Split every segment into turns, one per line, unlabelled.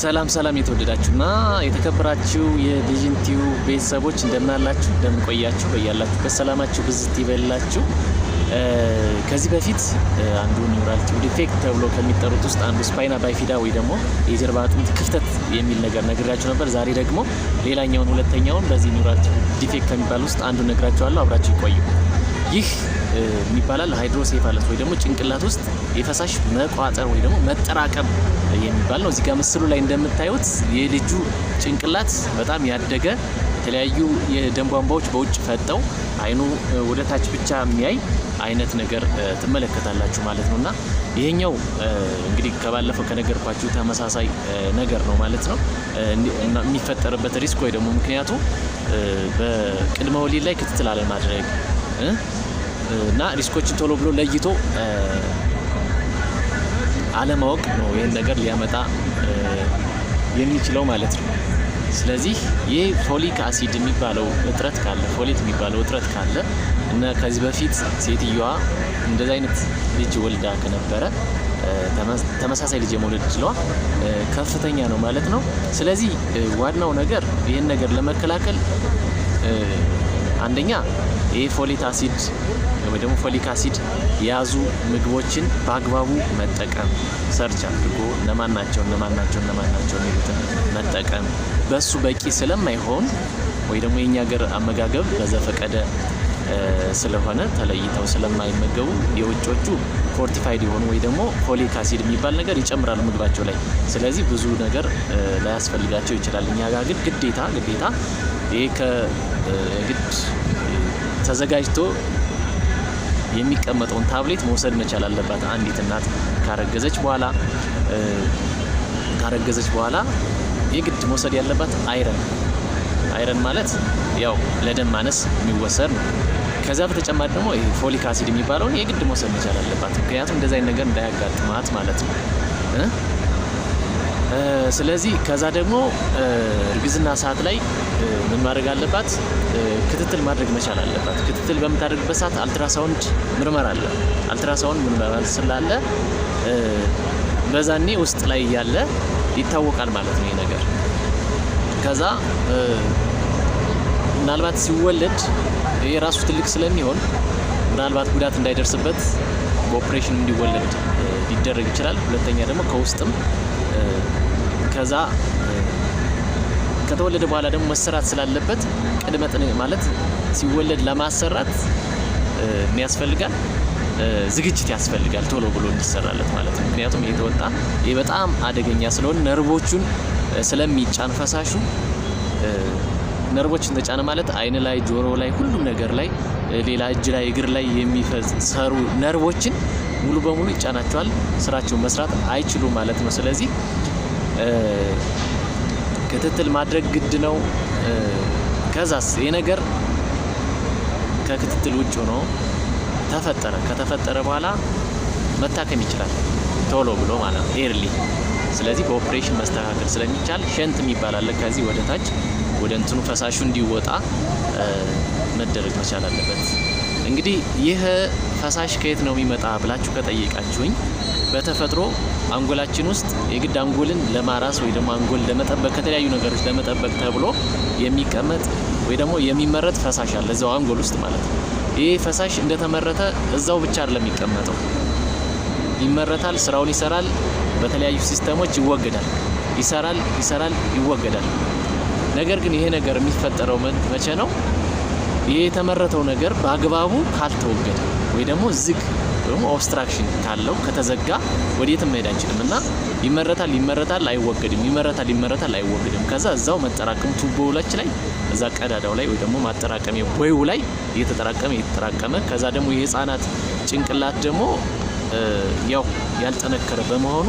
ሰላም ሰላም የተወደዳችሁና የተከበራችሁ የቪዥን ቤተሰቦች እንደምናላችሁ እንደምንቆያችሁ በያላችሁበት ሰላማችሁ ብዝት ይበላችሁ። ከዚህ በፊት አንዱ ኒውራል ዲፌክት ተብሎ ከሚጠሩት ውስጥ አንዱ ስፓይና ባይፊዳ ወይ ደግሞ የጀርባ አጥንት ክፍተት የሚል ነገር ነግራችሁ ነበር። ዛሬ ደግሞ ሌላኛውን ሁለተኛውን በዚህ ኒውራል ዲፌክት ከሚባል ውስጥ አንዱ ነግራችኋለሁ። አብራችሁ ይቆዩ። ይህ የሚባላል ሃይድሮሴፋለስ ወይ ደግሞ ጭንቅላት ውስጥ የፈሳሽ መቋጠር ወይ ደግሞ መጠራቀም የሚባል ነው። እዚህ ጋር ምስሉ ላይ እንደምታዩት የልጁ ጭንቅላት በጣም ያደገ የተለያዩ የደም ቧንቧዎች በውጭ ፈጠው አይኑ ወደ ታች ብቻ የሚያይ አይነት ነገር ትመለከታላችሁ ማለት ነው። እና ይሄኛው እንግዲህ ከባለፈው ከነገርኳችሁ ተመሳሳይ ነገር ነው ማለት ነው። የሚፈጠርበት ሪስክ ወይ ደግሞ ምክንያቱ በቅድመ ወሊድ ላይ ክትትል አለማድረግ እና ሪስኮችን ቶሎ ብሎ ለይቶ አለማወቅ ነው ይህን ነገር ሊያመጣ የሚችለው ማለት ነው። ስለዚህ ይህ ፎሊክ አሲድ የሚባለው እጥረት ካለ ፎሌት የሚባለው እጥረት ካለ እና ከዚህ በፊት ሴትየዋ እንደዚ አይነት ልጅ ወልዳ ከነበረ ተመሳሳይ ልጅ የመውለድ ችለዋ ከፍተኛ ነው ማለት ነው። ስለዚህ ዋናው ነገር ይህን ነገር ለመከላከል አንደኛ ይህ ፎሊክ አሲድ ወይ ደግሞ ፎሊክ አሲድ የያዙ ምግቦችን በአግባቡ መጠቀም ሰርች አድርጎ እነማን ናቸው እነማን ናቸው እነማን ናቸው የሚሉትን መጠቀም በሱ በቂ ስለማይሆን ወይ ደግሞ የእኛ ሀገር አመጋገብ በዘፈቀደ ስለሆነ ተለይተው ስለማይመገቡ የውጮቹ ፎርቲፋይድ የሆኑ ወይ ደግሞ ፎሊክ አሲድ የሚባል ነገር ይጨምራል ምግባቸው ላይ። ስለዚህ ብዙ ነገር ላያስፈልጋቸው ይችላል። እኛ ጋር ግን ግዴታ ግዴታ ይሄ ከግድ ተዘጋጅቶ የሚቀመጠውን ታብሌት መውሰድ መቻል አለባት አንዲት እናት ካረገዘች በኋላ ካረገዘች በኋላ የግድ መውሰድ ያለባት አይረን አይረን ማለት ያው ለደም ማነስ የሚወሰድ ነው። ከዚያ በተጨማሪ ደግሞ ፎሊክ አሲድ የሚባለውን የግድ መውሰድ መቻል አለባት። ምክንያቱም እንደዚ አይነት ነገር እንዳያጋጥማት ማለት ነው። ስለዚህ ከዛ ደግሞ እርግዝና ሰዓት ላይ ምን ማድረግ አለባት? ክትትል ማድረግ መቻል አለባት። ክትትል በምታደርግበት ሰዓት አልትራሳውንድ ምርመራ አለ። አልትራሳውንድ ምርመራ ስላለ በዛኔ ውስጥ ላይ ያለ ይታወቃል ማለት ነው ይህ ነገር ከዛ ምናልባት ሲወለድ የራሱ ትልቅ ስለሚሆን ምናልባት ጉዳት እንዳይደርስበት በኦፕሬሽን እንዲወለድ ሊደረግ ይችላል። ሁለተኛ ደግሞ ከውስጥም ከዛ ከተወለደ በኋላ ደግሞ መሰራት ስላለበት ቅድመ ጥን ማለት ሲወለድ ለማሰራት ያስፈልጋል ዝግጅት ያስፈልጋል ቶሎ ብሎ እንዲሰራለት ማለት ነው። ምክንያቱም የተወጣ ይህ በጣም አደገኛ ስለሆነ ነርቮቹን ስለሚጫን ፈሳሹ ነርቦች ተጫነ ማለት አይን ላይ፣ ጆሮ ላይ፣ ሁሉም ነገር ላይ ሌላ እጅ ላይ፣ እግር ላይ የሚሰሩ ነርቦችን ሙሉ በሙሉ ይጫናቸዋል። ስራቸውን መስራት አይችሉ ማለት ነው። ስለዚህ ክትትል ማድረግ ግድ ነው። ከዛስ ይህ ነገር ከክትትል ውጭ ሆኖ ተፈጠረ ከተፈጠረ በኋላ መታከም ይችላል። ቶሎ ብሎ ማለት ኤርሊ ስለዚህ በኦፕሬሽን መስተካከል ስለሚቻል ሸንት የሚባል አለ። ከዚህ ወደ ታች ወደ እንትኑ ፈሳሹ እንዲወጣ መደረግ መቻል አለበት። እንግዲህ ይህ ፈሳሽ ከየት ነው የሚመጣ ብላችሁ ከጠየቃችሁኝ በተፈጥሮ አንጎላችን ውስጥ የግድ አንጎልን ለማራስ ወይ ደግሞ አንጎል ለመጠበቅ ከተለያዩ ነገሮች ለመጠበቅ ተብሎ የሚቀመጥ ወይ ደግሞ የሚመረት ፈሳሽ አለ እዛው አንጎል ውስጥ ማለት ነው። ይህ ፈሳሽ እንደተመረተ እዛው ብቻ አይደለም የሚቀመጠው፣ ይመረታል፣ ስራውን ይሰራል። በተለያዩ ሲስተሞች ይወገዳል። ይሰራል፣ ይሰራል፣ ይወገዳል። ነገር ግን ይሄ ነገር የሚፈጠረው መቼ ነው? ይሄ የተመረተው ነገር በአግባቡ ካልተወገደ ወይ ደግሞ ዝግ ወይም ኦብስትራክሽን ካለው ከተዘጋ ወዴትም መሄድ አንችልም እና ይመረታል፣ ይመረታል፣ አይወገድም፣ ይመረታል፣ ይመረታል፣ አይወገድም። ከዛ እዛው መጠራቀም ቱቦውላች ላይ እዛ ቀዳዳው ላይ ወይ ደግሞ ማጠራቀሚያ ቦዩ ላይ እየተጠራቀመ እየተጠራቀመ ከዛ ደግሞ የህፃናት ጭንቅላት ደግሞ ያው ያልጠነከረ በመሆኑ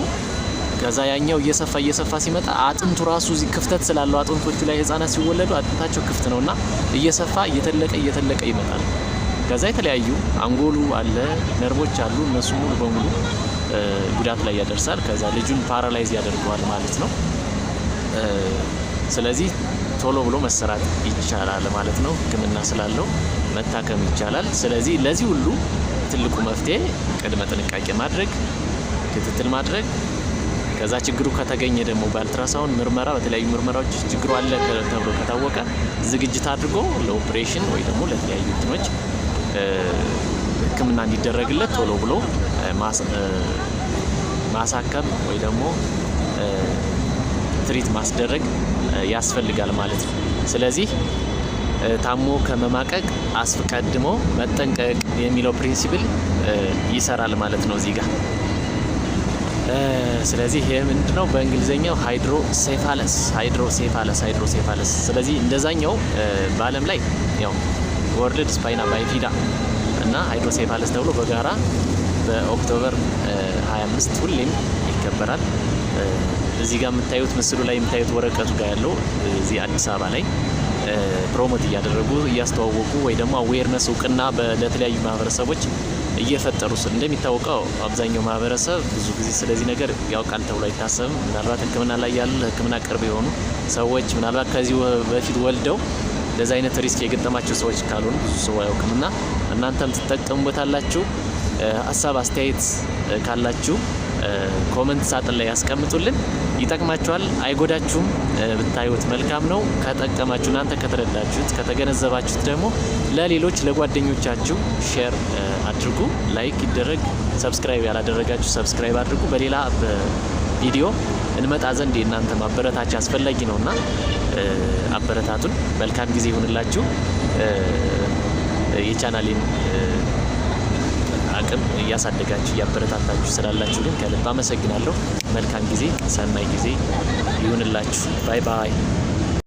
ከዛ ያኛው እየሰፋ እየሰፋ ሲመጣ አጥንቱ ራሱ እዚህ ክፍተት ስላለው አጥንቶቹ ላይ ህጻናት ሲወለዱ አጥንታቸው ክፍት እና እየሰፋ እየተለቀ እየተለቀ ይመጣል። ከዛ የተለያዩ አንጎሉ አለ፣ ነርቦች አሉ። እነሱ ሙሉ በሙሉ ጉዳት ላይ ያደርሳል። ከዛ ልጁን ፓራላይዝ ያደርገዋል ማለት ነው። ስለዚህ ቶሎ ብሎ መሰራት ይቻላል ማለት ነው። ህክምና ስላለው መታከም ይቻላል። ስለዚህ ለዚህ ሁሉ ትልቁ መፍትሄ ቅድመ ጥንቃቄ ማድረግ፣ ክትትል ማድረግ ከዛ ችግሩ ከተገኘ ደግሞ በአልትራሳውንድ ምርመራ በተለያዩ ምርመራዎች ችግሩ አለ ተብሎ ከታወቀ ዝግጅት አድርጎ ለኦፕሬሽን ወይ ደግሞ ለተለያዩ እንትኖች ሕክምና እንዲደረግለት ቶሎ ብሎ ማሳከም ወይ ደግሞ ትሪት ማስደረግ ያስፈልጋል ማለት ነው። ስለዚህ ታሞ ከመማቀቅ አስቀድሞ መጠንቀቅ የሚለው ፕሪንሲፕል ይሰራል ማለት ነው እዚህ ጋር ስለዚህ ይሄ ምንድነው ነው በእንግሊዝኛው ሃይድሮሴፋለስ ሃይድሮሴፋለስ ሃይድሮሴፋለስ። ስለዚህ እንደዛኛው በአለም ላይ ያው ወርልድ ስፓይና ባይፊዳ እና ሃይድሮሴፋለስ ተብሎ በጋራ በኦክቶበር 25 ሁሌም ይከበራል። እዚህ ጋር የምታዩት ምስሉ ላይ የምታዩት ወረቀቱ ጋር ያለው እዚህ አዲስ አበባ ላይ ፕሮሞት እያደረጉ እያስተዋወቁ ወይ ደግሞ አዌርነስ እውቅና ለተለያዩ ማህበረሰቦች እየፈጠሩስ እንደሚታወቀው አብዛኛው ማህበረሰብ ብዙ ጊዜ ስለዚህ ነገር ያውቃል ተብሎ አይታሰብም። ምናልባት ሕክምና ላይ ያሉ ለሕክምና ቅርብ የሆኑ ሰዎች ምናልባት ከዚህ በፊት ወልደው እንደዚህ አይነት ሪስክ የገጠማቸው ሰዎች ካልሆኑ ብዙ ሰው አያውቅምና እናንተም ትጠቀሙበታላችሁ። ሀሳብ አስተያየት ካላችሁ ኮመንት ሳጥን ላይ ያስቀምጡልን። ይጠቅማችኋል፣ አይጎዳችሁም። ብታዩት መልካም ነው። ከጠቀማችሁ፣ እናንተ ከተረዳችሁት፣ ከተገነዘባችሁት ደግሞ ለሌሎች ለጓደኞቻችሁ ሼር አድርጉ። ላይክ ይደረግ። ሰብስክራይብ ያላደረጋችሁ ሰብስክራይብ አድርጉ። በሌላ ቪዲዮ እንመጣ ዘንድ የእናንተ ማበረታቻ አስፈላጊ ነውና አበረታቱን። መልካም ጊዜ ይሁንላችሁ። የቻናሌን አቅም እያሳደጋችሁ እያበረታታችሁ ስላላችሁ ግን ከልብ አመሰግናለሁ። መልካም ጊዜ፣ ሰናይ ጊዜ ይሁንላችሁ። ባይ ባይ።